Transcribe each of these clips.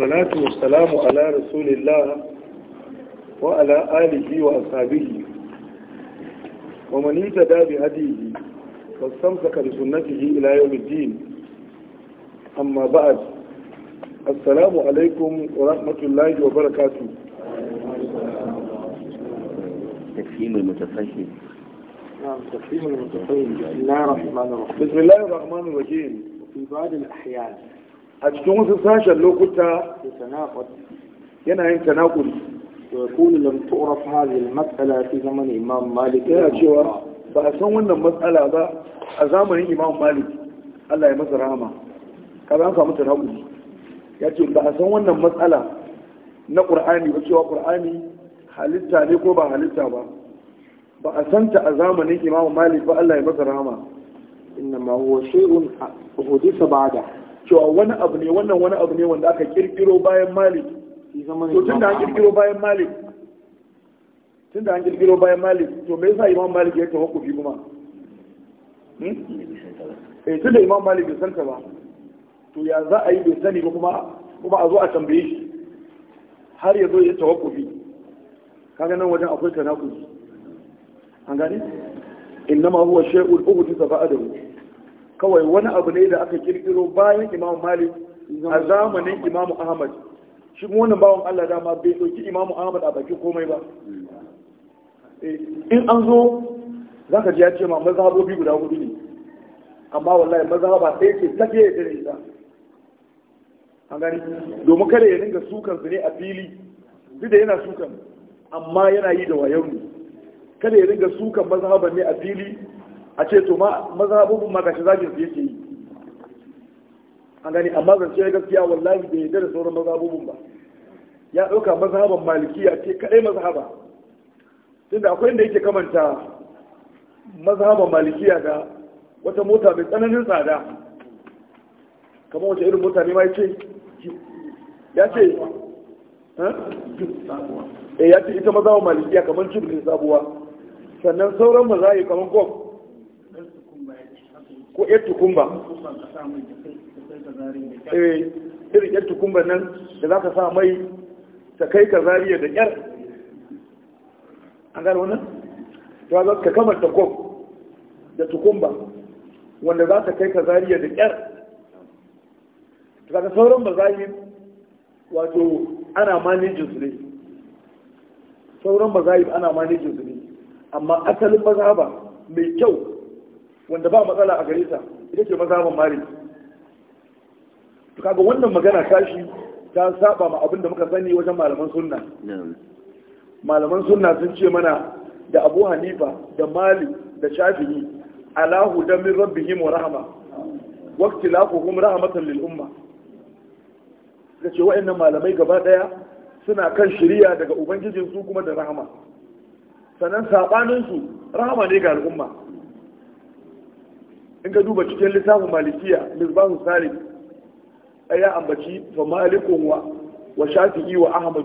والصلاة والسلام على رسول الله وعلى آله وأصحابه ومن يتدى بهديه واستمسك بسنته إلى يوم الدين أما بعد السلام عليكم ورحمة الله وبركاته تفهيم المتفهم نعم تفهيم المتفهم بسم الله الرحمن الرحيم بسم الله الرحمن الرحيم في بعض الأحيان a cikin wasu sashen lokuta yana yin tanakuri ويقول لم تعرف هذه المسألة في زمن إمام مالك يا جوا بأسان وانا مسألة أزامن إمام مالك الله يمس رحمة كما أنسى مثل هؤلاء يا جوا بأسان وانا مسألة na ƙur'ani ba cewa ƙur'ani halitta ne ko ba halitta ba ba a santa a zamanin imamu malik ba Allah ya masa ba'da cewa wani abu ne wannan wani abu ne wanda aka kirkiro bayan malik to tun da an kirkiro bayan malik tun da an kirkiro bayan malik to me yasa imam malik ya tawo kufi kuma hmm? eh tun da imam malik bai santa ba to ya za a yi bai sani ba kuma kuma a zo a tambaye shi har ya zo ya tawo kufi kaga nan wajen akwai tanakuzi an gane innama huwa shay'ul uhdisa ba'dahu kawai wani abu ne da aka kirkiro bayan imam malik a zamanin imam ahmad shi wannan bawon allah dama bai ɗauki imam ahmad a baki komai ba eh, in an zo za ka ji ya ce ma mazhabobi guda hudu ne amma wallahi mazhaba ɗaya ce tafiye da ita an gani domin kada ya dinga sukan su ne a fili duk da yana sukan amma yana yi da wayo ne kada ya dinga sukan mazhaban ne a fili a ce to ma mazhabin ma gashi zagin su yake yi an gani amma zance gaskiya wallahi bai yarda da sauran mazhabin ba ya ɗauka mazhaban malikiya ce kaɗai mazhaba tunda akwai inda yake kamanta mazhaban malikiya ga wata mota mai tsananin tsada kamar wata irin mota ne ma ce ya ce eh ya ce ita mazhaban malikiya kamar jib ne sabuwa sannan sauran mazayi kamar gwam ko yar tukumba eh irin yar tukumba nan da za ka sa mai ta kai ka zariya da yar an gane wannan to za ka kamar ta kof da tukumba wanda za ka kai ka zariya da yar daga sauran yi wato ana manajin su ne sauran yi ana manajin su ne amma asalin ba mai kyau wanda ba matsala a gare ta ita ce mazhaban malik to kaga wannan magana tashi ta saba ma abin da muka sani wajen malaman sunna malaman sunna sun ce mana da Abu Hanifa da Malik da Shafi'i alahu da min rabbihim wa rahma wa ikhtilafuhum rahmatan lil umma kace wa'annan malamai gaba daya suna kan shari'a daga ubangijin su kuma da rahama sanan sabanin su rahama ne ga al'umma in ka duba cikin littafin malikiya misbahu salim ya ambaci fa malikun wa wa shafi'i wa ahmad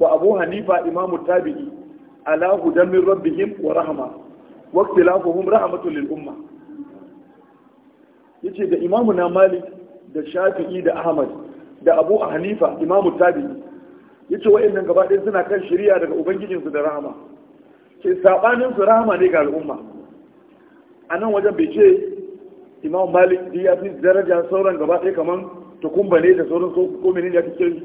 wa abu hanifa imamu tabi'i ala hudan min rabbihim wa rahma wa ikhtilafuhum rahmatun lil umma yace da imamu na malik da shafi'i da ahmad da abu hanifa imamu tabi'i yace wa'annan gaba ɗaya suna kan shari'a daga ubangijinsu da rahama ce sabanin su rahama ne ga al'umma a nan wajen bai ce imam malik da ya fi daraja sauran gaba ɗaya kamar tukumba ne da sauran ko menene ya fi kirki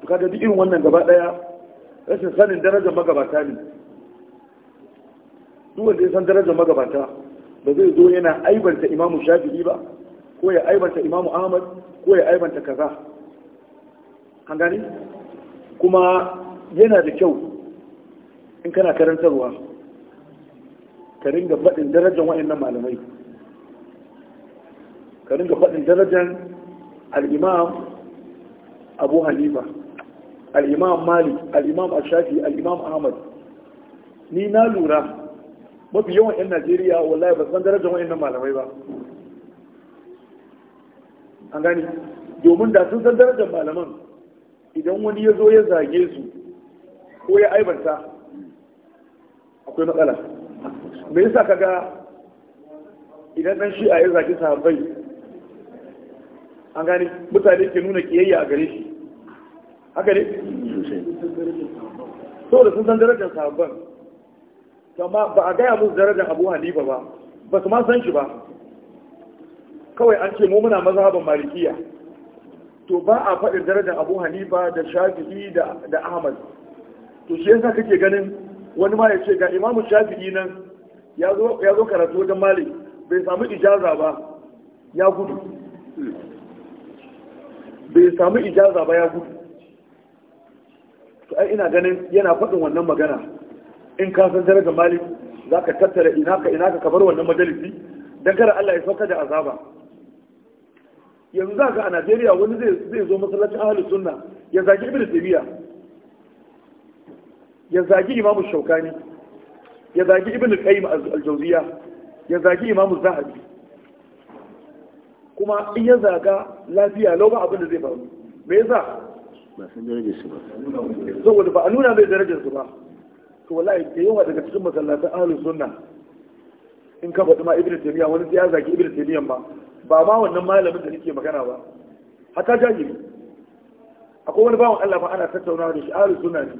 to kaga duk irin wannan gaba ɗaya rashin sanin darajar magabata ne duk wanda ya san darajar magabata ba zai zo yana aibanta imamu shafi'i ba ko ya aibanta imamu ahmad ko ya aibanta kaza an gani kuma yana da kyau in kana karantarwa ka ringa faɗin darajar wa'annan malamai ka ga faɗin darajar al'imam abu Halima, al'imam malik al'imam ashafi al'imam ahmad ni na lura mafi yawan 'yan najeriya wallahi ba san darajar wa'in malamai ba an gani domin da sun san darajar malaman idan wani ya zo ya zage su ko ya aibanta akwai matsala me yasa kaga idan dan shi'a ya zage sahabbai an gane mutane ke nuna kiyayya a gare shi haka ne saboda sun san darajar sahabban amma ba a gaya musu darajar abu hanifa ba ba su ma san shi ba kawai an ce mu muna mazhaban malikiya to ba a faɗin darajar abu hanifa da shafi'i da ahmad to shi yasa kake ganin wani ma ya ce ga imamu shafi'i nan ya zo karatu wajen malik bai samu ijaza ba ya gudu bai samu ijaza ba ya gudu to ai ina ganin yana faɗin wannan magana in ka san darajar malik za ka tattara ina ka ina ka kabar wannan majalisi don kada Allah ya sauka da azaba yanzu za ka a Najeriya wani zai zo masallacin ahalus sunna ya zagi ibnu taymiya ya zagi imamu shaukani ya zagi ibnu qayyim al-jawziya ya zagi imamu zahabi kuma in ya zaga lafiya lau abinda zai faru me yasa ba san darajar su ba saboda ba a nuna mai darajar su ba to wallahi da yawa daga cikin masallatan ahlus sunna in ka faɗi ma ibnu taymiya wani sai ya ibi ibnu taymiyan ba ba ma wannan malamin da nake magana ba hatta jahili akwai wani bawan Allah ba ana tattauna da shi ahlus sunna ne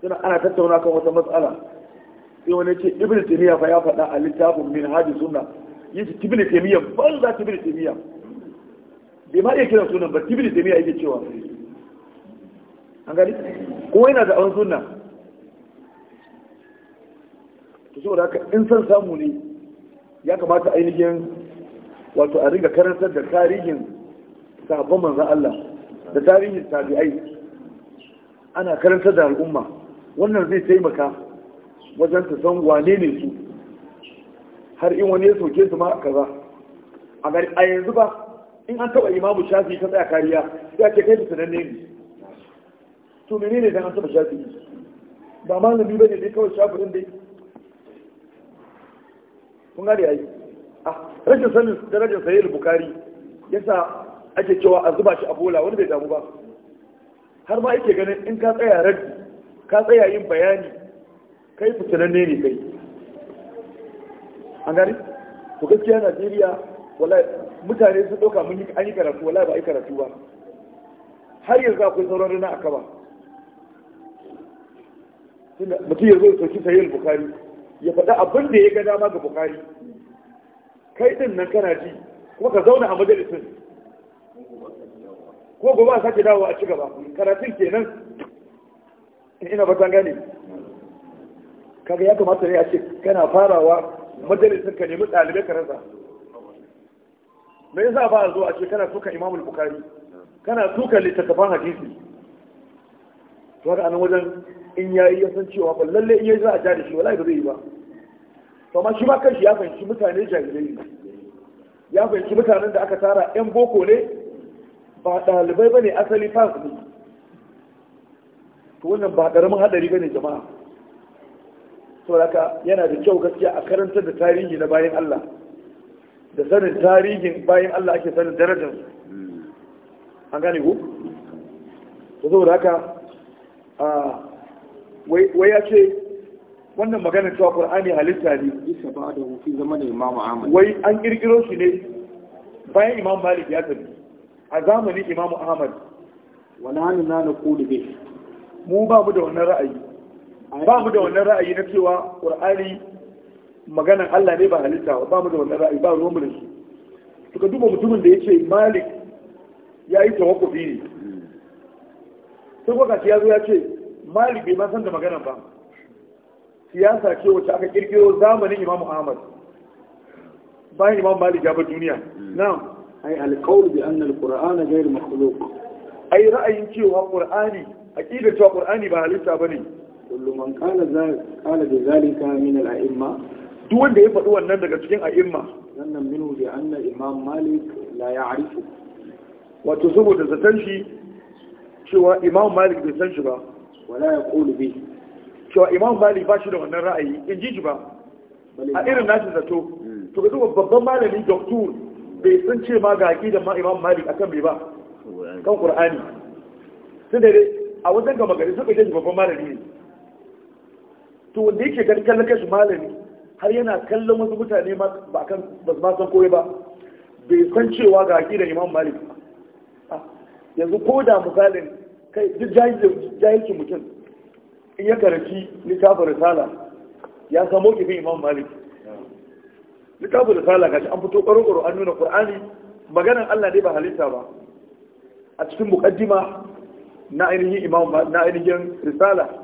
suna ana tattauna kan wata matsala sai wani ce ibnu taymiya fa ya faɗa a littafin min hadis sunna yi shi tibili taimiyya ban za tibili taimiyya bai ma iya kiran sunan ba tibili taimiyya yake cewa an gani kuma yana da awon sunna to saboda haka in san samu ne ya kamata ainihin wato a riga karantar da tarihin sahabban manzan Allah da tarihin tabi'ai ana karantar da al'umma wannan zai taimaka wajen ta san wane ne su har in wani ya soke su ma kaza a gari a yanzu ba in an taba imamu shafi ta tsaya kariya ya ce kai nan ne to menene dan an taba shafi ba malami bane dai kawai shafirin dai kun ya ai a ah, rashin sanin darajar sahih bukari yasa ake cewa a zuba shi a bola wani bai damu ba har ma ake ganin in ka tsaya raddi ka tsaya yin bayani kai fitinan ne kai an gani ko gaskiya najeriya wallahi mutane sun ɗauka mun yi, an yi karatu wallahi ba a yi karatu ba har yanzu akwai sauran rana a kaba mutum ya zo ya soki sayyid bukari ya faɗa abin da ya ga dama ga bukari kai din nan kana ji kuma ka zauna a majalisin ko gobe a sake dawowa a ci gaba karatun kenan ina ba gane kaga ya kamata ne a ce kana farawa majalisar ka nemi ɗalibai ka rasa me yasa ba a zo a ce kana tuka al bukari kana tuka littattafan hadisi to haka anan wajen in yayi ya san cewa ba lalle in yayi za a ja da shi wallahi ba zai yi ba to amma shi ma shi ya fahimci mutane jahilai ne ya fahimci mutanen da aka tara yan boko ne ba ɗalibai ba ne asali fas ne to wannan ba ƙaramin haɗari ba ne jama'a sauraka yana da kyau gaskiya a karantar da tarihi na bayan Allah da sanin tarihin bayan Allah ake sanin darajar an gane ku? da saboda haka wai ya ce wannan maganar cewa ƙur'ani halitta ne isa ba da hufi zama da imamu ahmad wai an ƙirƙiro shi ne bayan imam malik ya tafi a zamanin imam ahmad wala hannu na na kodi mu ba mu da wannan ra'ayi ba mu da wannan ra'ayi na cewa qur'ani maganan Allah ne ba halitta ba mu da wannan ra'ayi ba ruwan mu da shi suka duba mutumin da yace malik ya yi tawakkufi ne sai kuka ya zo ya ce malik bai ma san da maganan ba siyasa ce wacce aka kirkiro zamanin imamu ahmad bayan imam malik ya bar duniya na'am ai alqaul bi anna alqur'ana ghayr makhluq ai ra'ayin cewa qur'ani aqidar cewa qur'ani ba halitta bane kullu man qala qala bi zalika min al a'imma duk wanda ya faɗi wannan daga cikin a'imma wannan minu bi anna imam malik la ya'rifu wato saboda zaton shi cewa imam malik bai san shi ba wala ya qulu bi cewa imam malik ba shi da wannan ra'ayi in ji shi ba a irin nashi zato hmm. to ga babban malami doctor bai san ce ma ga aqidar ma imam malik akan bai ba kan qur'ani sai dai a wajen gama gari suka je babban malami ne to wanda yake gani kallon kashi malami har yana kallon wasu mutane ba kan su koyi ba bai san cewa ga da imam malik ah, yanzu ko da misalin kai duk jahilcin mutum in ya karanci littafin risala ya samo kifin imam malik littafin risala gashi an fito ƙwaro an nuna ƙur'ani maganan allah ne ba halitta ba a cikin muƙaddima na ainihin imam na ainihin risala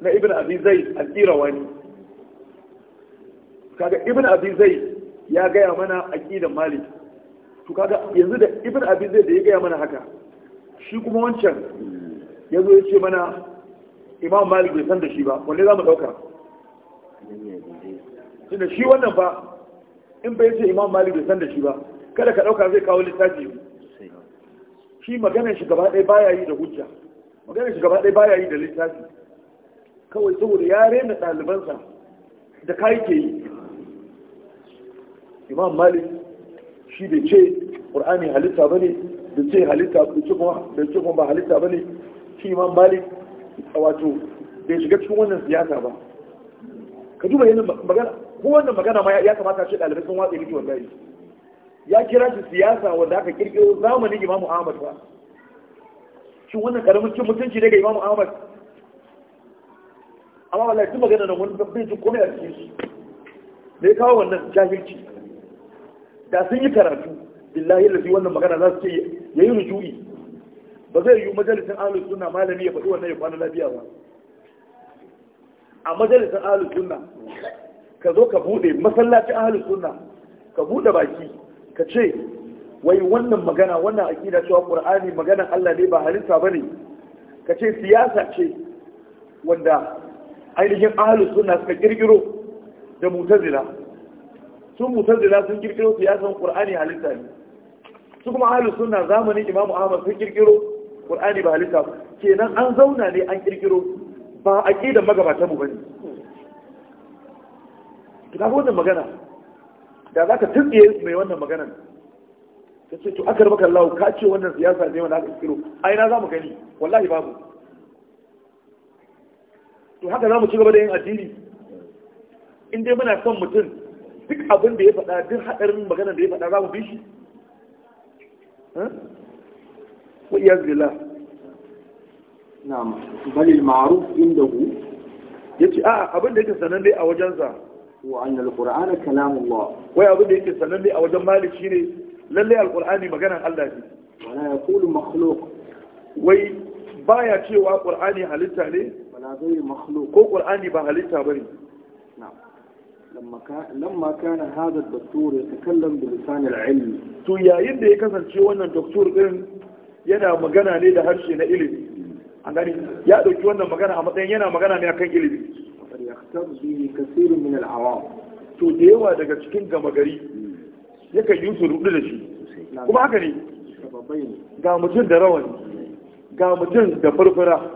na ibn abi zaid al wani. kaga ibn abi ya gaya mana akidan malik to kaga yanzu da ibn abi da ya gaya mana haka shi kuma wancan yazo ya ce mana imam malik bai san da shi ba wanne za mu dauka tunda shi wannan ba in bai ce imam malik bai san da shi ba kada ka dauka zai kawo littafi shi maganar shi gaba ɗaya baya yi da hujja maganar shi gaba ɗaya baya yi da littafi kawai saboda ya rena ɗalibansa da kayi ke yi imam malik shi da ce ƙur'ani halitta ba ne da ce halitta da ce kuma ba halitta ba ne shi imam malik wato bai shiga cikin wannan siyasa ba ka duba yanzu magana ko wannan magana ma ya kamata ce ɗalibai sun watsa rikiyar gari ya kira shi siyasa wanda aka kirkiro zamanin imamu ahmad ba shin wannan karamin cin mutunci daga imamu ahmad amma wallahi duk magana da wani bai su komai a cikin shi me kawo wannan jahilci da sun yi karatu billahi lafi wannan magana za su ce ya yi rujui ba zai yi majalisin ahlus suna malami ya faɗi wannan ya kwana lafiya ba a majalisin ahlus sunna ka zo ka buɗe masallacin ahlus sunna ka buɗe baki ka ce wai wannan magana wannan aqida cewa ƙur'ani maganan Allah ne ba halitta ba ne. ka ce siyasa ce wanda ainihin ahalus suna suka kirkiro da mutazila sun mutazila sun kirkiro siyasan Kur'ani halitta ne su kuma ahalus suna zamanin imamu ahmad sun kirkiro Kur'ani ba halitta ba kenan an zauna ne an kirkiro ba a da magabatan mu bane ta wannan magana da za ka tuntsiye mai wannan maganan ka ce to aka rabaka lau ka ce wannan siyasa ne wanda aka kirkiro ai na za mu gani wallahi babu to haka za mu ci gaba da yin addini in dai muna son mutum duk abin da ya faɗa duk haɗarin magana da ya faɗa za mu bi shi wa iya zila na balil ma'aruf inda hu ya ce a'a abin da yake sanan dai a wajensa wa annal qur'ana kalamullah wai abin da yake sanan dai a wajen maliki ne lallai alqur'ani maganan Allah ne wala yaqulu makhluq wai baya cewa qur'ani halitta ne wala zai yi makhluq ko qur'ani ba halitta ne. na'am lamma kana hada doktor ya ta kallon lisan al-ilm to yayin da ya kasance wannan doktor ɗin yana magana ne da harshe na ilimi an gani ya ɗauki wannan magana a matsayin yana magana ne akan ilimi ya khtar bi kaseer min al to da yawa daga cikin gama gari ya kan yi su rudu da shi kuma haka ne ga mutum da rawani ga mutum da farfara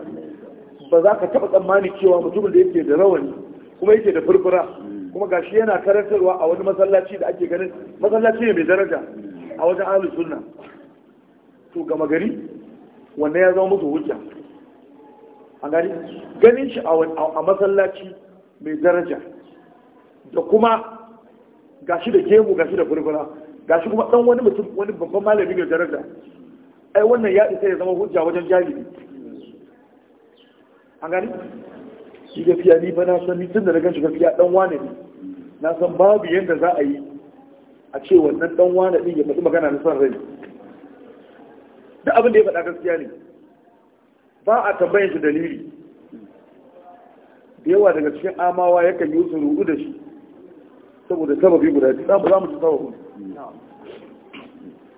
ba za ka taɓa tsammani cewa mutumin da yake da rawani kuma yake da furfura kuma gashi yana karantarwa a wani masallaci da ake ganin masallaci ne mai daraja a wajen ahli sunna to gama gari wanda ya zama musu hujja a gani ganin shi a masallaci mai daraja da kuma gashi da gemu gashi da furfura gashi kuma dan wani mutum wani babban malami mai daraja ai wannan ya isa ya zama hujja wajen jami'i an gani shi gaskiya ni ba na san ni tun da na gan shi gaskiya dan wane ne na san babu yadda za a yi a ce wannan dan wane ne ya faɗi magana na san rai duk abin da ya faɗa gaskiya ne ba a tambayin shi dalili da yawa daga cikin amawa yakan yi wasu rudu da shi saboda sababi guda biyu za mu ci sababi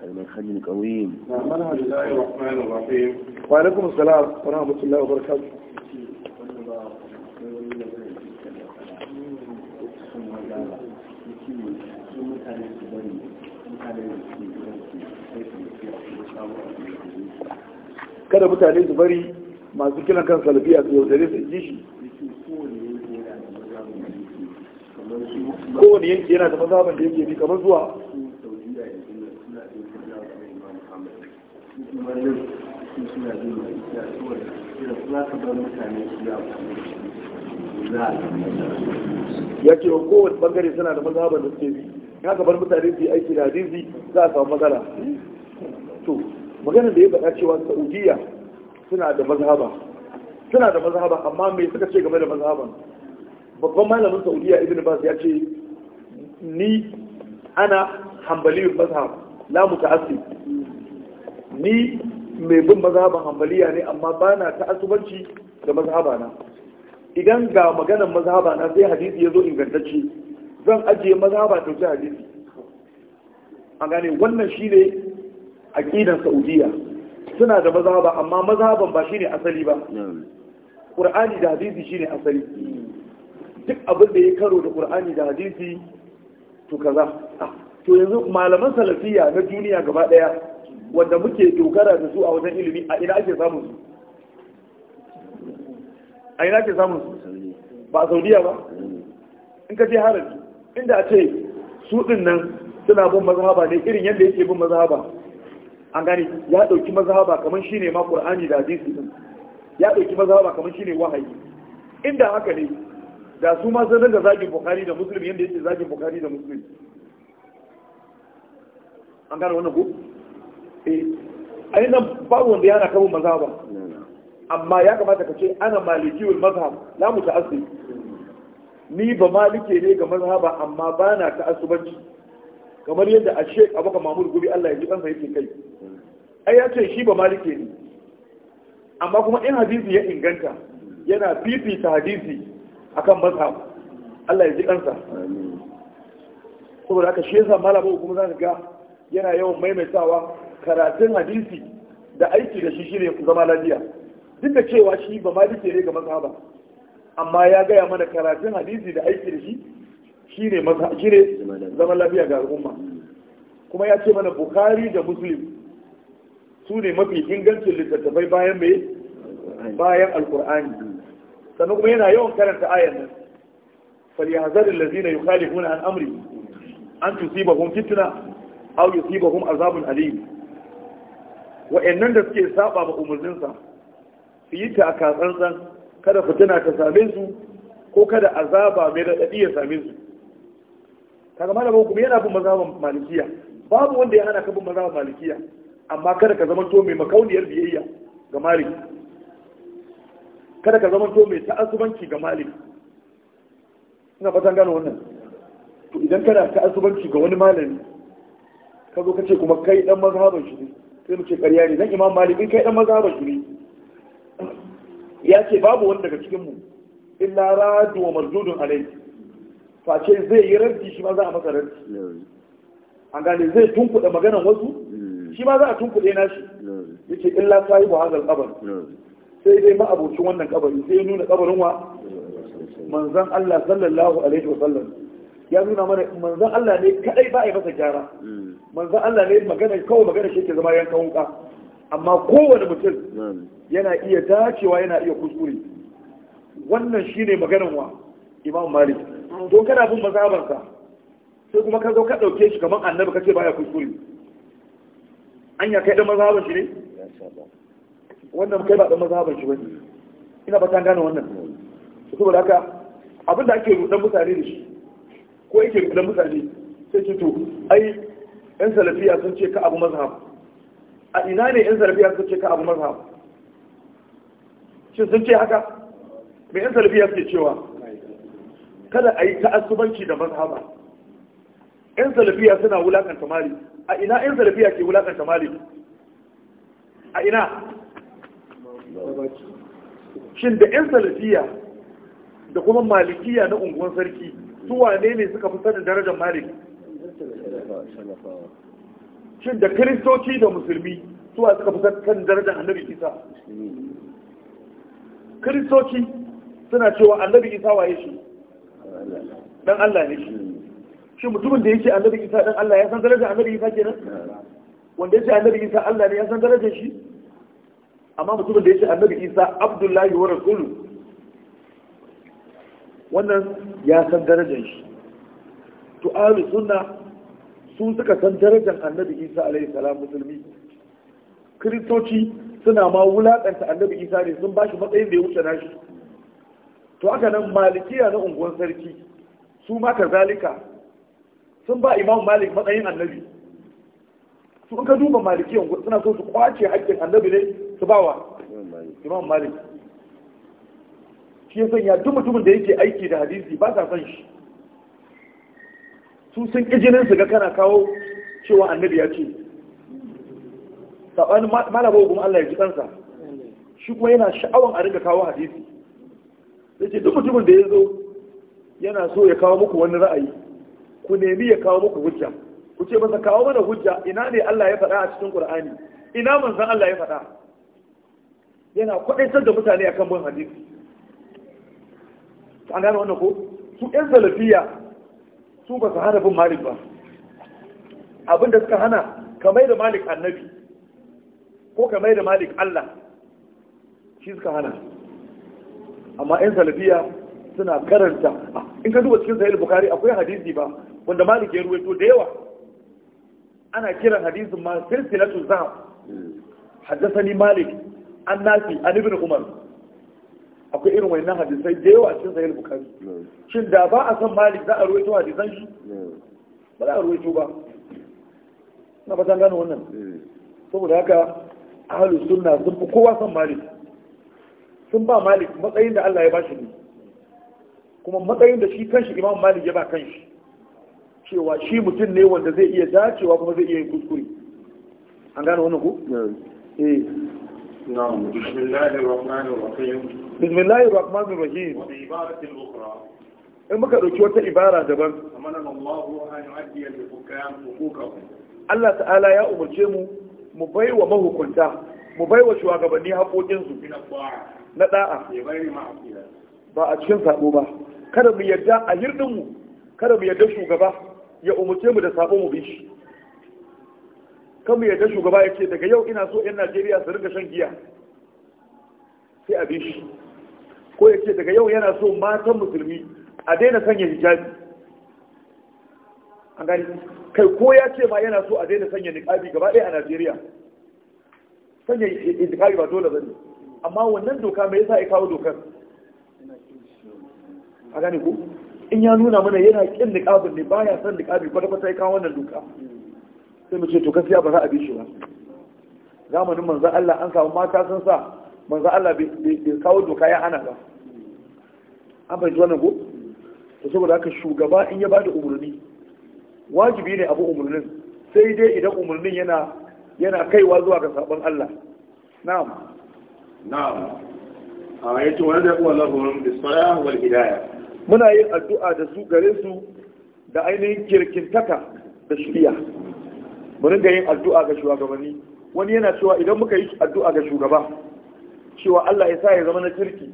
المنهج القويم نعم منهج الله wa الرحيم وعليكم kada mutane su bari masu kiran kan salafiya su yaudare su ji shi kowane yanki yana da mazhaban da yake bi kamar zuwa ya ce kowane bangare suna da mazhaban da suke bi in aka bar mutane su yi aiki da hadisi za a samu matsala to magana da ya faɗa cewa saudiya suna da mazhaba suna da mazhaba amma me suka ce game da mazhaban babban malamin saudiya ibn bas ya ce ni ana hanbaliyun mazhab la muta'assib ni mai bin mazhaban hambaliya ne amma ba na ta'assubanci da mazhabana idan ga maganan mazhaba na sai hadisi ya zo ingantacce zan ajiye mazhaba ta wuce hadisi a gane wannan shi ne ƙidan saudiya suna da mazhaba amma mazhaban ba shi ne asali ba ƙur'ani da hadisi shi ne asali duk abin da ya karo da ƙur'ani da hadisi to kaza ah, to yanzu malaman salafiya na duniya gaba ɗaya wanda muke dogara da su a wajen ilimi a ina ake samun su a ina ke samun su ba a saudiya ba in ka je harabi inda a ce su din nan suna bin mazhaba ne irin yadda yake bin mazhaba an gane ya dauki mazhaba kamar shine ma qur'ani da hadisi din ya dauki mazhaba kamar shine wahayi inda haka ne da su ma sun daga zagin bukhari da muslim yadda yake zagin bukhari da muslim an gane wannan ku? eh ai nan babu wanda yana kabin mazhaba amma ya kamata ka ce ana maliki wal mazhab la mu ta'assub ni ba malike ne ga mazhaba amma ba na ta'assubanci kamar yadda a Sheikh abaka Mahmud gubi Allah ya ji kansa yake kai ai ya ce shi ba malike ne amma kuma in hadisi ya inganta yana fifita hadisi akan mazhab Allah ya ji kansa saboda haka shi yasa malama kuma za ga yana yawan maimaitawa karatun hadisi da aiki da shi shine zama lafiya duk da cewa shi ba malike ne ga maza ba, amma ya gaya mana karatun hadisi da aiki da shi shi ne zaman lafiya ga al'umma kuma ya ce mana bukari da muslim su ne mafi ingancin littattafai bayan mai bayan alkur'ani sannan kuma yana yawan karanta ayan nan فليحذر an amri. An امره kun fitina فتنه او يصيبهم azabun اليم wa'annan da suke saba ma umarninsa su yi ta a tsantsan kada fitina ta same su ko kada azaba mai raɗaɗi ya same su kaga malamin kuma yana bin mazhaban malikiya babu wanda ya hana ka bin mazhaban malikiya amma kada ka zama to mai makauniyar biyayya ga malik kada ka zama to mai ta'assubanci ga malik ina fatan gano wannan to idan kana ta'assubanci ga wani malami ka zo ka ce kuma kai dan mazhaban shi ne sai mu ce ƙarya ne dan imam malik kai dan mazhaban shi ne ya ce babu wani daga cikinmu illa radu wa mardudun alai face zai yi raddi shi ma za a masa raddi an gane zai tunkuɗa maganar wasu shi ma za a tunkuɗe na shi ya ce illa sayi wa hazal kabar sai dai ma'abocin wannan kabari sai ya nuna kabarin wa manzan Allah sallallahu alaihi wa sallam ya nuna mana manzan Allah ne kadai ba a yi masa gyara hmm. manzan Allah ne magana kawai magana shi ke zama yankan wuka amma kowane mutum yana iya dacewa yana iya kuskure wannan shine maganar wa imam malik to kana bin mazhabansa sai kuma ka zo ka dauke shi kamar annabi kace baya kuskure anya kai ɗan mazhaban shi ne wannan kai ba ɗan mazhaban shi bane ina ba gane wannan saboda haka abin da ake rudan mutane da shi ko yake rudan mutane sai ce to ai yan salafiya sun ce ka abu mazhab a ina ne yan salafiya suka ce ka abu mazhab shin sun ce haka me yan salafiya suke cewa kada a yi ta'asubanci da mazhaba yan salafiya suna wulakanta mali a ina yan salafiya ke wulakanta mali a ina shin da yan salafiya da kuma malikiya na unguwan sarki su wane ne suka fi sanin darajar malik shin da kiristoci da musulmi su a suka fusa kan darajar annabi isa kiristoci suna cewa annabi isa waye shi dan allah ne shi shi mutumin da yake annabi isa dan allah ya san darajar annabi isa kenan wanda yake annabi isa allah ne ya san darajar shi amma mutumin da yake annabi isa abdullahi wa rasulu wannan ya san darajar shi to ahlus sunna Sun suka san darajar annabi isa alaihi salam musulmi kiristoci suna ma wulaƙanta annabi isa ne sun ba shi matsayin da ya wuce nashi to haka nan malikiya na unguwan sarki su ma zalika sun ba imam malik matsayin annabi su ka duba malikiya suna so su kwace haƙƙin annabi ne su bawa imam malik shi ya sanya duk mutumin da yake aiki da hadisi ba sa son shi su sun ƙi jinin su ga kana kawo cewa annabi ya ce saɓanin malaba kuma Allah ya ji kansa shi kuma yana sha'awan a riga kawo hadisi sai ce duk mutumin da ya zo yana so ya kawo muku wani ra'ayi ku nemi ya kawo muku hujja ku ce masa kawo mana hujja ina ne Allah ya faɗa a cikin Qur'ani ina manzon Allah ya faɗa yana kwadaitar da mutane akan bin hadisi an gane wannan ko su ƴan salafiya su ba su hana bin malik ba abinda suka hana kamar da malik annabi ko kamar da malik allah shi suka hana amma 'yan salafiya suna karanta in ka duba cikin sahih bukari akwai hadisi ba wanda malik ya ruwaito da yawa ana kiran hadisin ma silsilatu zahab Haddasa ni malik an nafi an ibn umar akwai irin wannan hadisai da yawa cikin sahih bukhari shin da ba a san malik za a ruwaito hadisan shi ba za a ruwaito ba na ba san gano wannan saboda haka ahlus sunna sun fi kowa san malik sun ba malik matsayin da Allah ya ba shi ne kuma matsayin da shi kanshi imam malik ya ba kanshi cewa shi mutum ne wanda zai iya dacewa kuma zai iya yin kuskure an gano wannan ku eh na'am bismillahir rahmanir rahim bismillahir rahmanir rahim in muka dauki wata ibara daban Allah ta'ala ya umarce mu mu bai wa mahukunta mu bai wa shugabanni haƙoƙinsu na da'a ba a cikin sabo ba kada mu yadda a hirdinmu kada mu yadda shugaba ya umarce mu da sabo mu bi shi kan mu yadda shugaba ya ce daga yau ina so 'yan najeriya su rinka shan giya sai a bi shi ko ya ce daga yau yana so matan musulmi a daina sanya hijabi an gani kai ko ya ce ma yana so a daina sanya niqabi gaba ɗaya a Najeriya sanya niqabi ba dole bane amma wannan doka me yasa ya kawo dokar a gane ko in ya nuna mana yana kin niƙabin ne baya san niqabi kwata kwata ya kawo wannan doka sai mu ce to gaskiya ba za a bi shi ba zamanin manzo Allah an samu mata sun sa manzo Allah bai kawo doka ya hana ba an fahimci wannan ko to saboda haka shugaba in ya bada umarni wajibi ne abu umarnin sai dai idan umarnin yana yana kaiwa zuwa ga sabon Allah na'am na'am a yace wanda ya kuwa lahum bisayah wal hidayah muna yin addu'a da su gare su da ainihin kirkintaka da shiriya mu ringa yin addu'a ga shugabanni wani yana cewa idan muka yi addu'a ga shugaba cewa Allah ya sa ya zama na kirki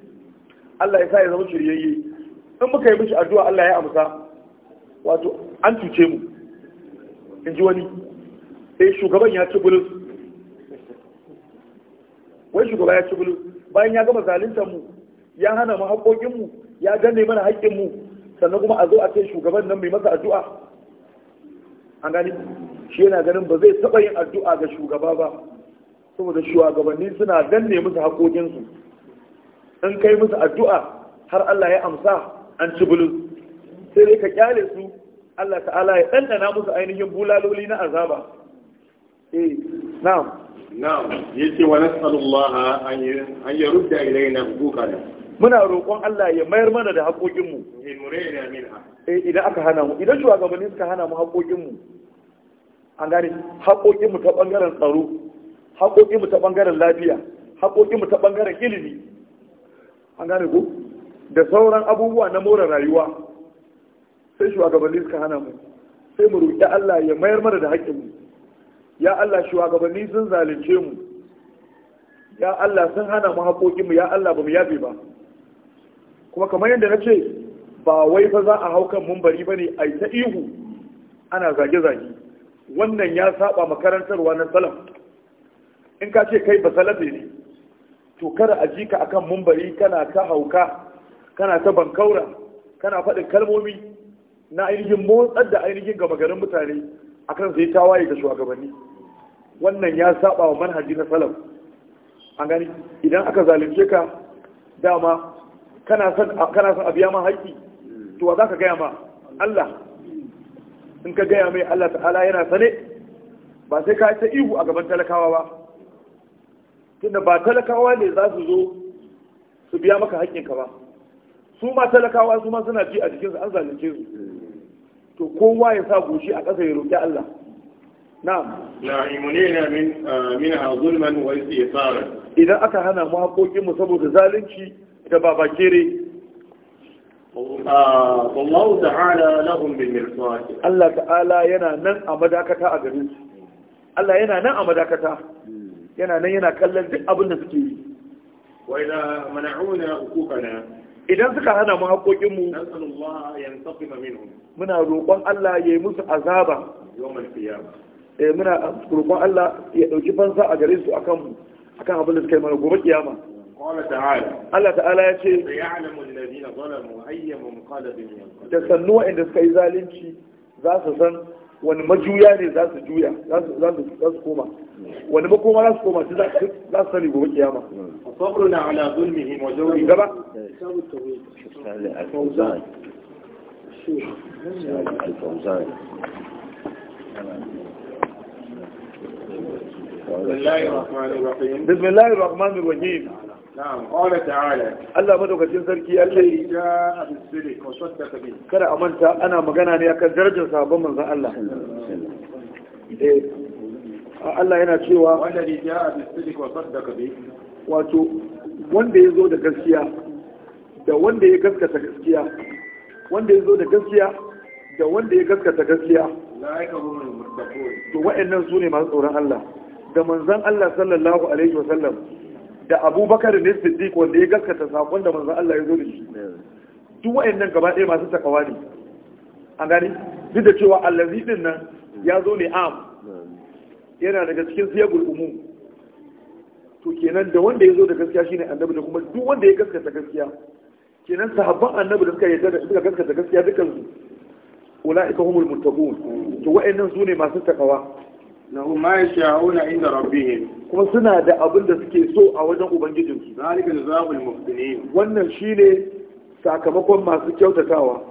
Allah ya sa ya zama shiryayye in muka yi mishi addu'a Allah ya amsa wato an cuce mu in ji wani eh shugaban ya ci bulus wai shugaba ya ci bulus bayan ya gama zaluntar mu ya hana mu haƙoƙin mu ya danne mana haƙƙin mu sannan kuma a zo a ce shugaban nan mai masa addu'a an gani shi yana ganin ba zai taɓa yin addu'a ga shugaba ba saboda shugabanni suna danne musu haƙoƙinsu in kai musu addu'a har Allah ya amsa an ci bulu. sai dai ka kyale su Allah ta'ala ya ɗanɗana musu ainihin bulaloli na azaba eh na'am na'am yace wa nas'alullah an yarudda ilaina hukukana muna roƙon Allah ya mayar mana da haƙoƙin mu eh idan aka hana mu idan shugabanni suka hana mu haƙoƙin mu an gane haƙoƙin mu ta bangaren tsaro haƙoƙinmu ta ɓangaren lafiya haƙoƙinmu ta ɓangaren ilimi an gane ku da sauran abubuwa na more rayuwa sai shugabanni suka hana mu sai mu roƙi Allah ya mayar mana da haƙƙinmu ya Allah shugabanni sun zalunce mu ya Allah sun hana mu haƙoƙinmu ya Allah ba mu yabe ba kuma kamar yadda na ce ba wai fa za a hau kan mumbari ba ne a yi ta ihu ana zage-zage wannan ya saba makarantarwa na salon. in ka ce kai ba salafi ne to kada a ji ka akan mumbari kana ta hauka kana ta bankaura kana faɗin kalmomi na ainihin motsar da ainihin gama garin mutane akan zai ta waye da shugabanni wannan ya saba wa manhaji na salaf an gani idan aka zalunce ka dama kana son a biya ma haiki to wa za ka gaya ma Allah in ka gaya mai Allah ta'ala yana sane ba sai ka ta ihu a gaban talakawa ba tunda ba talakawa ne za su zo su biya maka haƙƙinka ba su ma talakawa su ma suna ji a jikinsu an zalunce su to kowa ya sa goshi a ƙasa ya roƙi Allah na'am na'imunina min ah, min zulman wa istisara idan aka hana mu haƙoƙin mu saboda zalunci da babakere Allah ah, ta'ala lahum bil mirsad Allah ta'ala yana nan a madakata a garin su Allah yana nan a madakata yana nan yana kallon duk abin da suke yi wa idza mana'una hukukana idan suka hana mu haƙoƙin mu muna roƙon Allah ya yi musu azaba yawmal qiyamah eh muna roƙon Allah ya dauki fansa a gare su akan mu akan abin da suka yi mana gobe kiyama Allah ta'ala ya ce da sannu wa'inda suka yi zalunci za su san wani majuya ne za su juya za su koma wani makoma za su koma su za su sani gobe kiyama sabruna ala zulmihim wa jawrihim gaba بسم الله الرحمن الرحيم na'am qala sarki Allah madaukakin sarki ya ce ja bisiri wa saddaqa bi kada a manta ana magana ne akan darajar sahabban manzon Allah eh Allah yana cewa wanda ja bisiri wa saddaqa bi wato wanda ya zo da gaskiya da wanda ya gaskata gaskiya wanda ya zo da gaskiya da wanda ya gaskata gaskiya to wa'annan su ne masu tsoron Allah da manzan Allah sallallahu alaihi wasallam da abubakar ne siddiq wanda ya gaskata sakon da manzon Allah ya zo da shi duk wayannan gaba ɗaya masu takawa ne an gani duk da cewa allazi din nan ya zo ne am yana daga cikin siyagul umum to kenan da wanda ya zo da gaskiya shine annabi da kuma duk wanda ya gaskata gaskiya kenan sahabban annabi da suka yarda da suka gaskata gaskiya dukansu ulaika humul muttaqun to wayannan su ne masu takawa lahum ma yasha'una inda rabbihim kuma suna da abin da suke so a wajen ubangijinsu zalika jazaa'ul muhsinin wannan shine sakamakon masu kyautatawa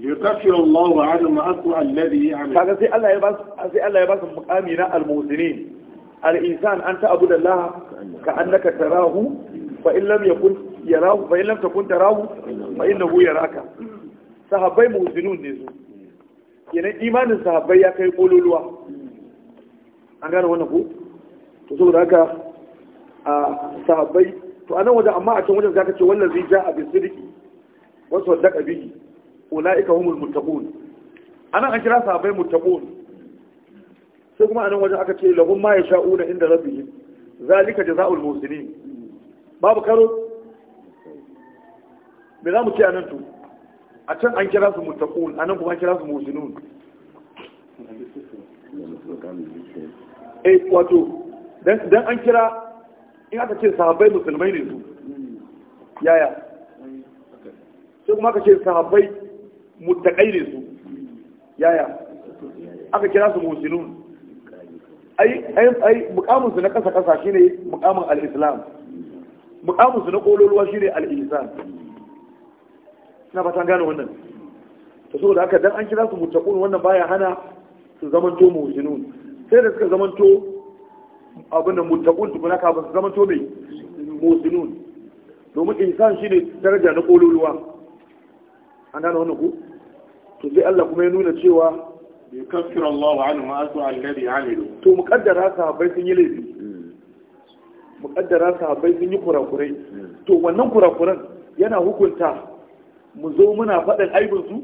yukaffiru Allahu 'anhum aswa alladhi ya'mal kaga sai Allah ya ba sai Allah ya ba su muqami na al-muhsinin al-insan anta abuda Allah ka annaka tarahu fa in lam yakun yarahu fa in lam takun tarahu fa innahu yaraka sahabbai muhsinun ne su kenan imanin sahabbai ya kai kololuwa an gane wannan ku to saboda haka a sahabbai to a nan wajen amma a can wajen zaka ce wannan zai ja a sidiki, wasu wadda ƙabihi ula'ika humul A nan an kira sahabbai muttaqun sai kuma a nan wajen aka ce lahum ma ya yasha'una inda rabbihim zalika jazaul muhsinin babu karo me za mu ce a nan to a can an kira su a nan kuma an kira su muhsinun Eh, wato dan an kira in aka ce sahabbai musulmai ne su yaya sai kuma aka ce sahabbai mutakai ne su yaya aka kira su musulun ai ai su na kasa kasa shine mukamin al-islam mukamin su na kololuwa shine al na ina fatan gane wannan to saboda haka dan an kira su mutakun wannan baya hana su zamanto to musulun sai da suka zamanto abin da mutakun kuna kafin su zamanto mai musulun domin insan shi ne daraja na ƙololuwa an dana wannan ku to sai Allah kuma ya nuna cewa bai kafira Allah wa anu ma asu alladhi amilu to muqaddara bai sun yi laifi muqaddara bai sun yi kurakurai to wannan kurakuran yana hukunta mu zo muna faɗin aibinsu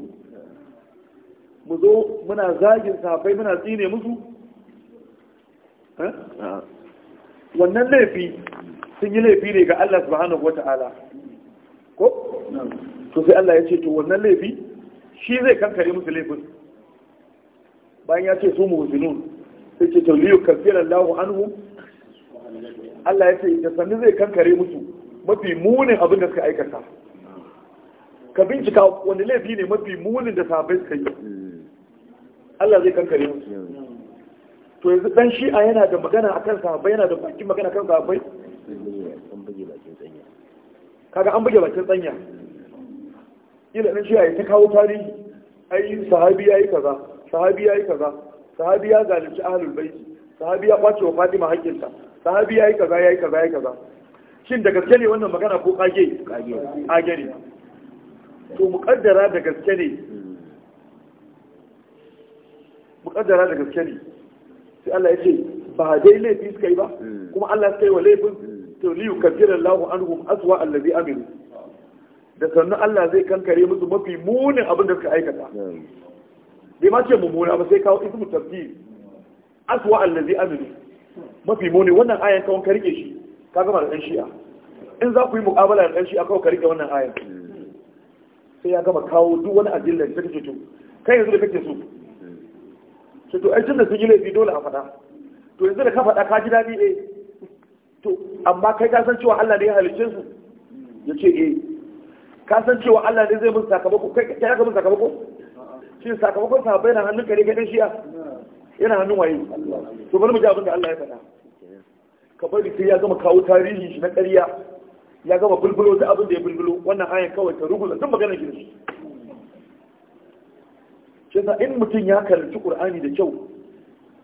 mu zo muna zagin sahabbai muna tsine musu Eh? wannan laifi sun yi laifi ne ga Allah subhanahu wata'ala ko to sai Allah ya ce to wannan laifi shi zai kankare musu laifin bayan ya ce su zinu sai ce to liyu kafiran lahu anhum Allah ya ce da sanni zai kankare musu mafi munin abin da suka aikata ka bincika wani laifi ne mafi munin da sabai suka yi hmm. Allah zai kankare musu hmm. to yanzu dan shi'a yana da magana akan sahabbai yana da bakin magana kan sahabbai kaga an buge bakin tsanya kila dan shi'a ya ta kawo tarihi ai sahabi yayi kaza sahabi yayi kaza sahabi ya zalunci ahlul bait sahabi ya kwace wa Fatima haƙƙinta sahabi yayi kaza yayi kaza yayi kaza shin da gaske ne wannan magana ko kage kage ne to mukaddara da gaske ne Mukaddara da gaske ne sai Allah ya ce ba dai laifi suka yi ba hmm. kuma Allah suka yi wa laifin hmm. to li yukaffira Allahu anhum aswa allazi amilu da sannan Allah zai kankare musu mafi munin abin da suka aikata hmm. bai ma ce mummuna ba sai kawo ismu tafsir aswa allazi amilu mafi muni wannan ayan kawon ka rike shi ka gama da ɗan shi'a in za ku yi muƙabala da ɗan shi'a kawo ka rike wannan ayan sai ya gama kawo duk wani ajiyar da kake to kai yanzu da kake so to to ai tunda sun yi laifi dole a faɗa to yanzu da ka faɗa ka ji daɗi ne, to amma kai ka san cewa Allah ne ya halicce su ya ce eh ka san cewa Allah ne zai mun sakamako kai ka yaka mun sakamako shi sakamakon sa bai na hannun ka ne kai shiya yana hannun waye to bari mu ji abin da Allah ya faɗa ka bari sai ya gama kawo tarihi shi na ƙarya ya gama bulbulo da abin da ya bulbulo wannan hanyar kawai ta rubuta duk maganar shi shi in mutum ya karanci qur'ani da kyau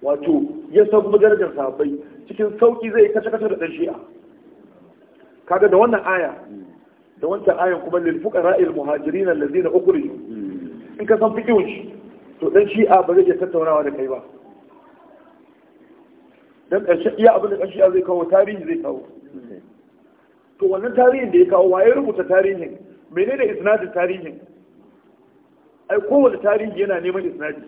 wato ya san madarajar sahabbai cikin sauki zai kace kace da dan shi'a kaga da wannan aya da wancan ayan kuma lil fuqara al muhajirin allazina ukhriju hmm. in ka san fiqhun shi to dan shi'a ba zai tattaunawa da kai ba dan karshe iya abin da karshe zai kawo tarihi zai kawo hmm. to wannan tarihin da ya kawo waye rubuta tarihin menene isnadin tarihin ai kowane tarihi yana neman isnadi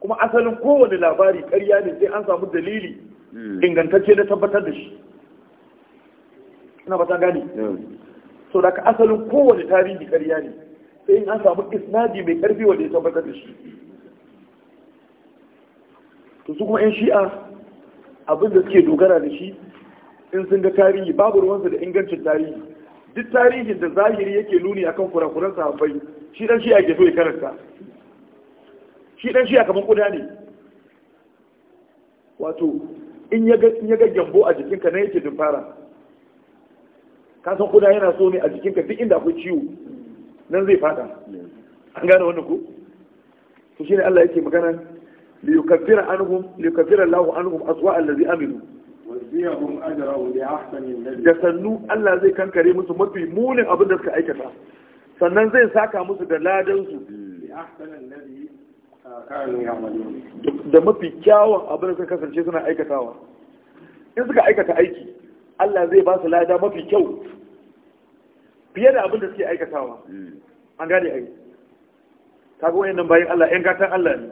kuma asalin kowane labari ƙarya ne sai an samu dalili hmm. ingantacce na tabbatar da shi ina ba ta gane hmm. so da asalin kowane tarihi ƙarya ne sai in an samu isnadi mai ƙarfi wanda ya tabbatar da shi to su kuma 'yan shi'a abin da suke dogara da shi in sun ga tarihi babu ruwansa da ingancin tarihi duk tarihin da zahiri yake nuni akan kurakuran sahabbai shi dan shi ake so ya karanta shi dan shi a kaman kuda ne wato in ya ga gyambo a jikinka na yake dumfara ka san kuda yana so ne a jikinka duk inda akwai ciwo nan zai fada an gane wannan ko to shine Allah yake magana li yukaffira anhum li yukaffira Allahu anhum aswa allazi amilu da sannu Allah zai kankare musu mafi munin abin da suka aikata sannan zai saka musu da ladansu da mafi kyawun abin da suka kasance suna aikatawa in suka aikata aiki Allah zai ba su lada mafi kyau fiye da abin da suke aikatawa an gane aiki kaga wayannan bayan Allah ƴan gatan Allah ne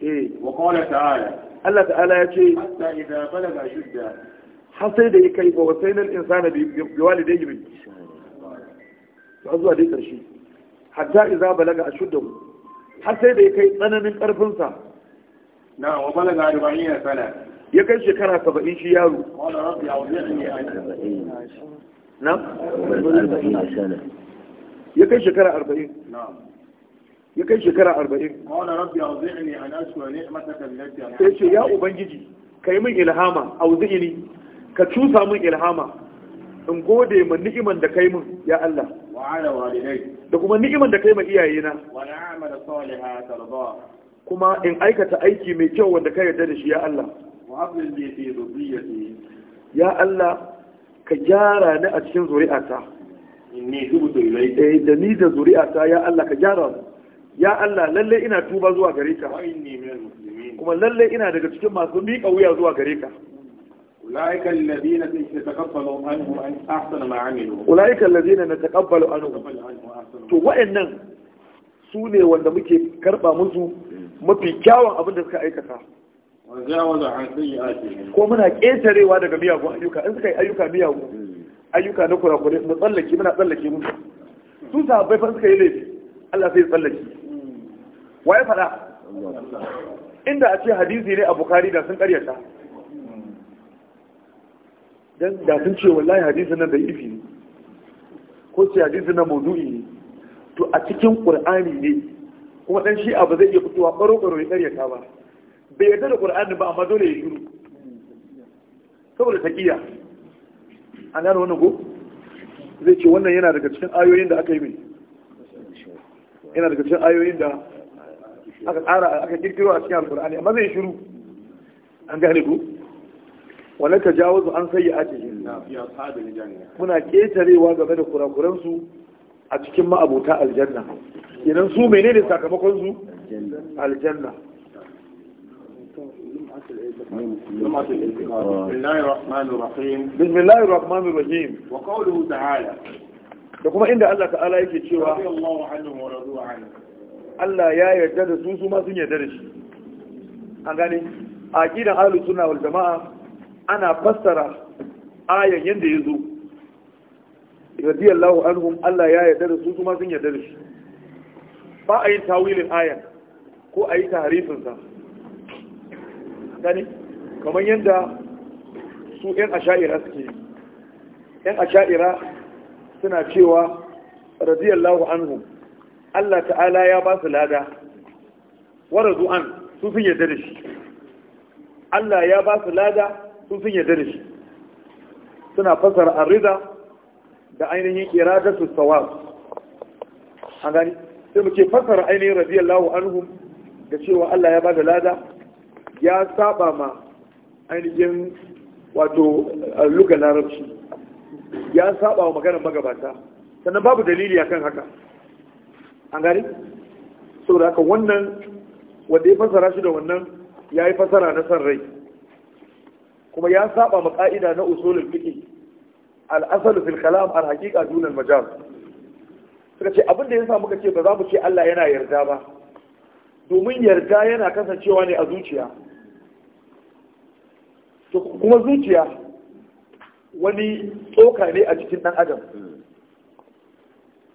eh wa qala ta'ala Allah ta'ala ya ce hatta idza balaga shudda har sai da yake wa wasainal insana bi walidayhi Ba zuwa dai ƙarshe hatta iza balaga ashuddahu har sai da ya kai tsananin ƙarfinsa na wa balaga arba'in sana ya kai shekara saba'in shi yaro na ya kai shekara arba'in ya kai shekara arba'in sai ce ya ubangiji ka yi min ilhama a ka cusa min ilhama in gode ma ni'iman da kai mun ya Allah da kuma ni'iman da kai ma iyayena kuma in aikata aiki mai kyau wanda ka yarda da shi ya Allah ya Allah ka gyara ni a cikin zuri'ata eh, da ni da zuri'ata ya Allah ka gyara ya Allah lalle ina tuba zuwa gare ka kuma lalle ina daga cikin masu miƙa wuya zuwa gare ka أولئك الذين نتقبل عنهم أحسن ما عملوا أولئك الذين نتقبل عنهم to wa'annan su ne wanda muke karba musu mafi kyawun abin da suka aikata ko muna ƙetarewa daga miyagun ayyuka in suka yi ayyuka miyagun ayyuka na kurakure mu tsallake muna tsallake musu sun sahabbai fa suka yi laifi Allah sai ya tsallake waye faɗa inda a ce hadisi ne a bukari da sun ƙaryata dan da sun ce wallahi hadisi nan da ifi ne ko ce hadisi nan maudu'i ne to a cikin ƙur'ani ne kuma dan shi'a ba zai iya fitowa ɓaro-ɓaro ya ta ba bai yarda da ƙur'ani ba amma dole ya shiru saboda taqiya an gano wannan ko zai ce wannan yana daga cikin ayoyin da aka yi mai yana daga cikin ayoyin da aka tsara aka kirkiro a cikin alƙur'ani. amma zai shiru an gane ko. wani ka jawo su an sayi a cikin muna ƙetarewa game da kurakuransu a cikin ma'abuta aljanna idan su menene sakamakon su aljanna بسم الله الرحمن الرحيم وقوله تعالى da kuma inda Allah ta'ala yake cewa Allah ya yarda da su su ma sun yarda da shi an gane jamaa ana fassara ayan yadda ya zo radiyallahu anhum Allah ya yarda da su kuma sun yarda da shi ba a yi tawilin ayan ko a yi tarifinsa gani kamar yadda su 'yan asha'ira suke ‘yan asha'ira suna cewa radiyallahu anhum Allah ta'ala ya ba su lada warazu an su sun yarda da shi Allah ya ba su lada sun sun yadda da shi suna fasara arrida da ainihin su tsawar an gani sai muke fasara ainihin radiyallahu anhum da cewa Allah ya bada lada ya saba ma ainihin wato lugar larabci ya saba wa maganar magabata sannan babu dalili akan haka an gani saboda haka wannan wanda ya fasara shi da wannan ya yi fasara na san rai kuma ya saba ma ka'ida na usulul fiqh al-asal fil kalam al-haqiqa dun al-majaz suka ce abin da yasa muka ce ba za mu ce Allah yana yarda ba domin yarda yana kasancewa ne a zuciya To kuma zuciya wani tsoka ne a cikin dan adam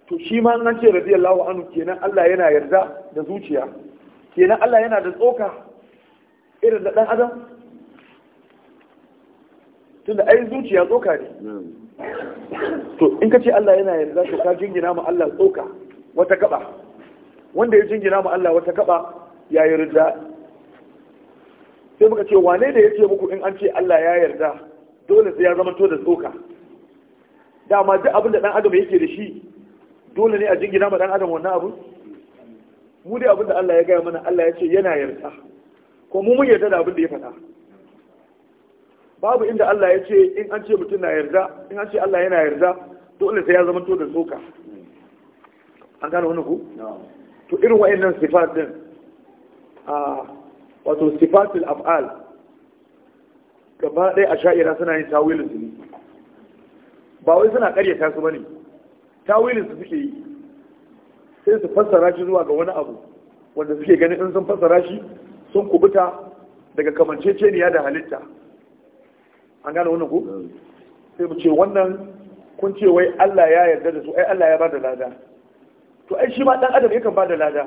to shi ma nan ce radiyallahu anhu kenan Allah yana yarda da zuciya kenan Allah yana da tsoka irin da dan adam tunda ai zuciya tsoka ne to in ka ce Allah yana yarda to ka jingina ma Allah tsoka wata gaba wanda ya jingina ma Allah wata gaba ya yarda sai muka ce wane da ya ce muku in an ce Allah ya yarda dole sai ya zama to da tsoka dama duk abin da dan adam yake da shi dole ne a jingina ma dan adam wannan abu mu dai abin da Allah ya gaya mana Allah ya ce yana yarda ko mu mun yarda da abin da ya faɗa babu inda Allah ya ce in an ce mutum na yarda in an ce Allah yana yarda dole sai ya zama to da tsoka an gano wani ku to irin wa'annan sifat din a wato sifatul af'al gaba ɗaya a sha'ira suna yin tawilin su ne ba wai suna ƙaryata su bane tawilin su suke yi sai su fassara shi zuwa ga wani abu wanda suke ganin in sun fassara shi sun kubuta daga kamanceceniya da halitta an gane wannan ku hmm. sai mu ce wannan kun ce wai Allah ya yarda da su ai Allah ya bada lada to ai shi ma dan adam yakan bada lada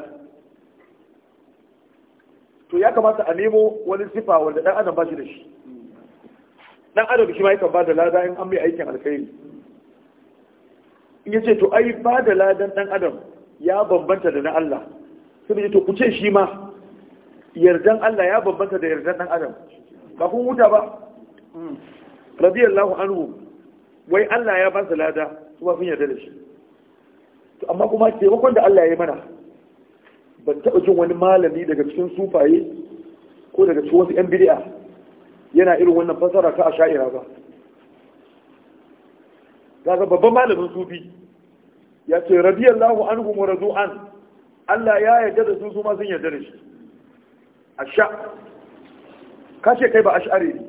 to ya kamata a nemo wani sifa wanda dan adam ba shi da shi dan adam shi ma yakan bada lada in an mai aikin alkhairi in yace to ai bada ladan dan adam ya bambanta da na Allah sai to ku ce shi ma yardan Allah ya bambanta da yardan dan adam ba kun huta ba radiyallahu anhu wai Allah ya ba su lada su ba sun yarda da shi to amma kuma taimakon da Allah ya yi mana ban taɓa jin wani malami daga cikin sufaye ko daga cikin wasu 'yan bid'a yana irin wannan fasara ta asha'ira ba kaga babban malamin sufi ya ce radiyallahu anhu wa radu'an Allah ya yarda da su su ma sun yarda da shi asha kashe kai ba ash'ari ne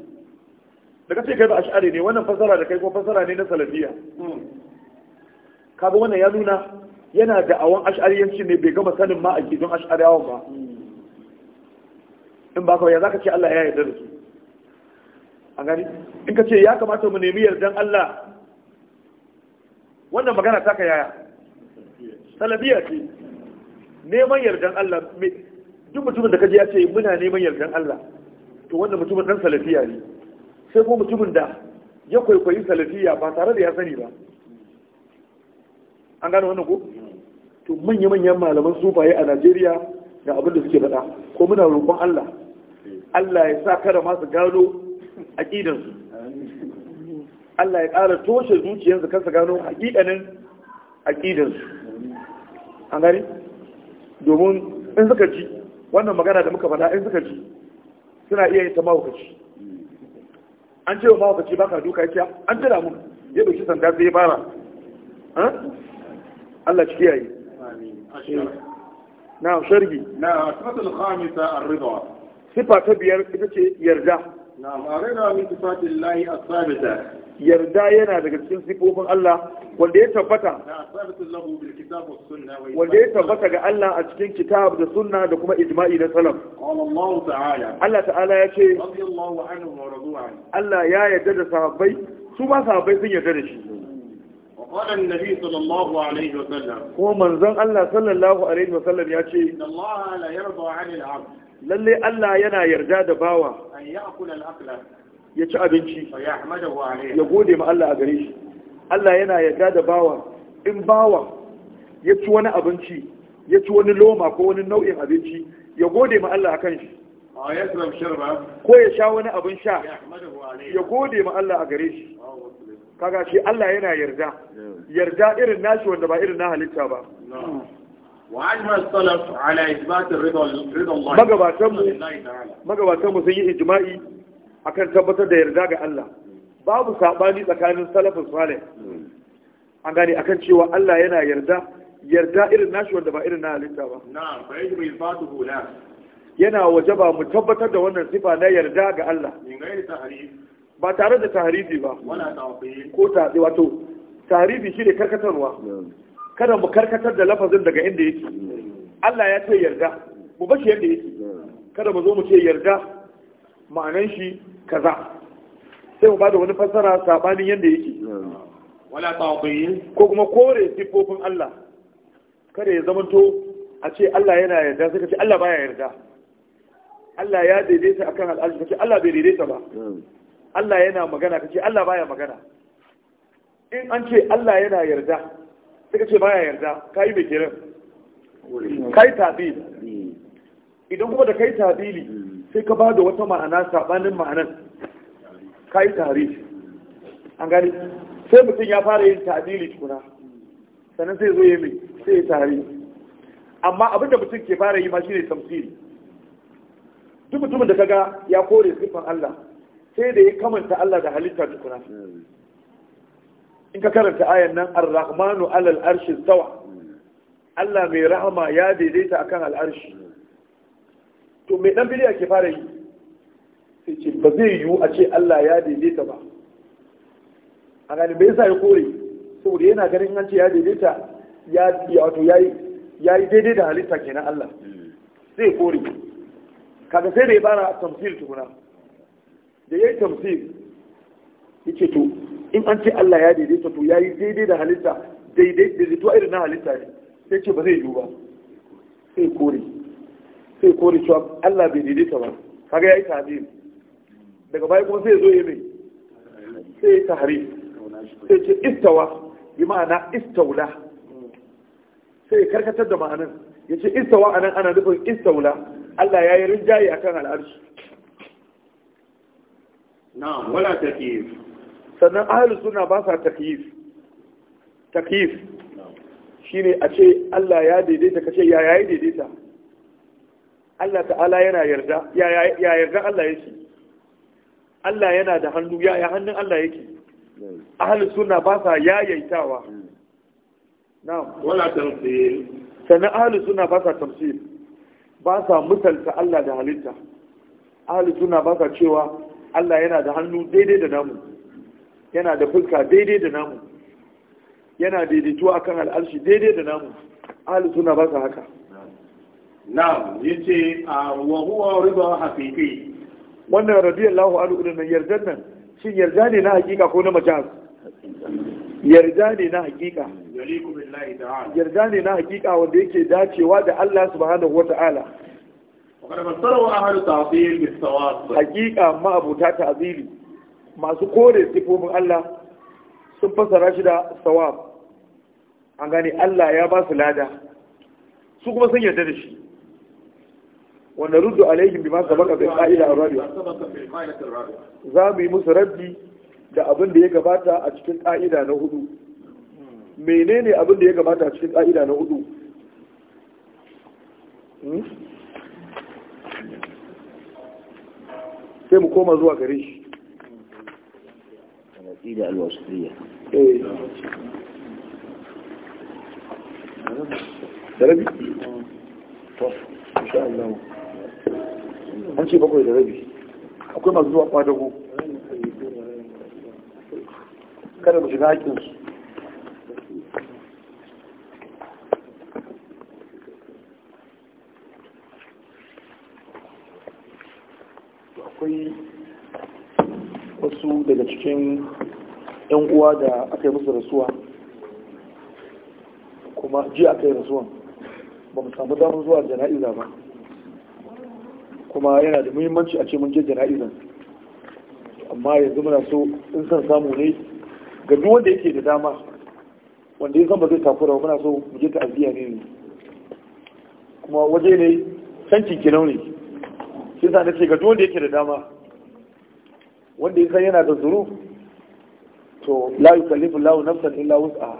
da ce kai ba ash'ari ne wannan fasara da kai ko fasara ne na salafiya kaga wannan ya nuna yana da awon ash'ariyanci ne bai gama sanin ma gidan ash'ariyawan ba in ba kawai ya zaka ce Allah ya yarda da su an gani in ka ce ya kamata mu nemi yardan Allah wannan magana ta ka yaya salafiya ce neman yardan Allah duk mutumin da kaje ya ce muna neman yardan Allah to wannan mutumin dan salafiya ne sai kuma mutumin da ya kwaikwayi salafiya ba tare da ya sani ba an gano wannan ko to manya-manyan malaman sufaye a najeriya da abin da suke faɗa ko muna roƙon allah allah ya sa kada masu gano aƙidansu allah ya ƙara toshe zuciyarsu kan su gano aƙidanin aƙidansu an gani domin in suka ji wannan magana da muka faɗa in suka ji suna iya yin ta mahaukaci an ce wa ba ka duka ya an tana mun ya dauki sanda sai ya fara Allah shi kiyaye na shirgi. na sifatul khamisa a ridha sifa ta biyar ita ce yarda na ma'arida min lahi a sabita yarda yana daga cikin sifofin Allah wanda ya tabbata wanda ya tabbata ga Allah a cikin kitab da sunna da kuma ijma'i da salaf Allah ta'ala ya ce Allah ya yarda da sahabbai su ba sahabbai sun yarda da shi وقال النبي صلى الله عليه وسلم هو من زن الله صلى الله عليه وسلم يا إن الله لا يرضى عن العبد للي الله ينا يرجى دباوة أن يأكل الأكلة ya ci abinci ya gode ma Allah a gare shi Allah yana yarda da bawa in bawa ya ci wani abinci ya ci wani loma ko wani nau'in abinci ya gode ma Allah a kan shi ko ya sha wani abin sha ya gode ma Allah a gare shi kaga shi Allah yana yarda yarda irin nashi wanda ba irin na halitta ba magabatan mu sun yi ijma'i akan tabbatar da yarda ga Allah babu sabani tsakanin salafin salih an gane akan cewa Allah yana yarda yarda irin nashi wanda ba irin na halitta ba na'am fa yajibu fatu hula yana wajaba mu tabbatar da wannan sifa na yarda ga Allah gairi ba tare da tahrifi ba wala tawfiq ko ta wato tahrifi shine karkatarwa kada mu karkatar da lafazin daga inda yake Allah ya ce yarda mu bashi yadda yake kada mu zo mu ce yarda ma'anan shi kaza sai mu ba da wani fassara sabanin yadda yake wala ta'qil ko kuma kore sifofin Allah kada ya zamanto a ce Allah yana yarda suka ce Allah baya yarda Allah ya daidaita akan ka kace Allah bai daidaita ba Allah yana magana kace Allah baya magana in an ce Allah yana yarda suka ce baya yarda kai mai kiran kai tabili idan kuma da kai tabili sai ka ba da wata ma'ana saɓanin ma'anan ka yi tarihi an gani sai mutum ya fara yin ta'adili tukuna sannan sai zo ya mai sai ya tarihi amma abinda mutum ke fara yi ma shi ne tamsiri duk mutumin da kaga ya kore siffan Allah sai da ya kamanta Allah da halitta tukuna in ka karanta ayan nan ar-rahmanu alal arshi tawa. Allah mai rahama ya daidaita akan al-arshi to mai dan biliya ke fara yi sai ce ba zai yiwu a ce Allah ya daidaita ba a gani bai sa ya kore saboda yana ganin an ce ya daidaita ya wato yayi yayi daidai da halitta kenan Allah sai kore kaga sai da ya fara tamfil tukuna da yayi tamsil yace to in an ce Allah ya daidaita to yayi daidai da halitta daidai da zai to irin na halitta ne sai ce ba zai yiwu ba sai kore sai da cewa Allah bai daidaita ba kaga yayi tabi daga baya kuma sai zo yayi sai tahri sai ce istawa bi ma'ana istawla sai karkatar da ma'anan yace istawa anan ana nufin istawla Allah yayi rinjaye akan al'arshi na'am wala takyif sannan ahlus sunna ba sa takyif takyif shine a ce Allah ya daidaita kace ya yayi daidaita Allah ta'ala yana yarda ya yarda Allah yake Allah yana da hannu ya hannun Allah yake ahli sunna ba sa yayaitawa na'am wala tamthil sannan ahli sunna ba sa tamthil ba sa mutalta Allah da halitta ahli sunna ba sa cewa Allah yana da hannu daidai da namu yana da fuska daidai da namu yana daidaituwa akan al'arshi daidai da namu ahli sunna ba sa haka na'am yace ah, wa huwa rida haqiqi wannan radiyallahu anhu din nan yardan nan shin yarda ne na hakika ko na majaz yarda ne na hakika yarda ne na hakika wanda yake dacewa da Allah subhanahu wata'ala wa فسره أهل التعطيل بالسواد حقيقة ما masu kore sifofin Allah sun fassara shi da sawab an gane Allah ya ba su lada su kuma sun yarda da shi ونرد ruddu بما سبق في bil qa'ida زامي مسردي za mu yi musu da abin da ya gabata a cikin ƙa'ida na hudu menene abin da ya gabata a cikin ƙa'ida na hudu hmm? sai mu koma zuwa gare shi ƙa'ida al wasuriya eh an ce bakwai da rabi akwai masu zuwa kwadago kada mu shiga haƙƙinsu akwai wasu daga cikin 'yan uwa da aka yi musu rasuwa kuma ji aka yi rasuwa ba mu samu damar zuwa jana'iza ba kuma yana da muhimmanci a ce mun je jana'izan amma yanzu muna so in san samu ne ga duk wanda yake da dama wanda ya san ba zai takura muna so mu je ta'aziyya ne kuma waje ne san kinkinau ne shi yasa nace ga duk wanda yake da dama wanda ya san yana da zuru to la yukallifu Allahu nafsan illa wus'aha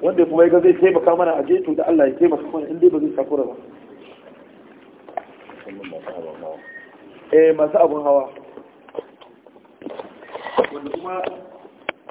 wanda kuma ya ga zai taimaka mana a je to da Allah ya taimaka mana in dai ba zai takura ba eh masu abin hawa wanda kuma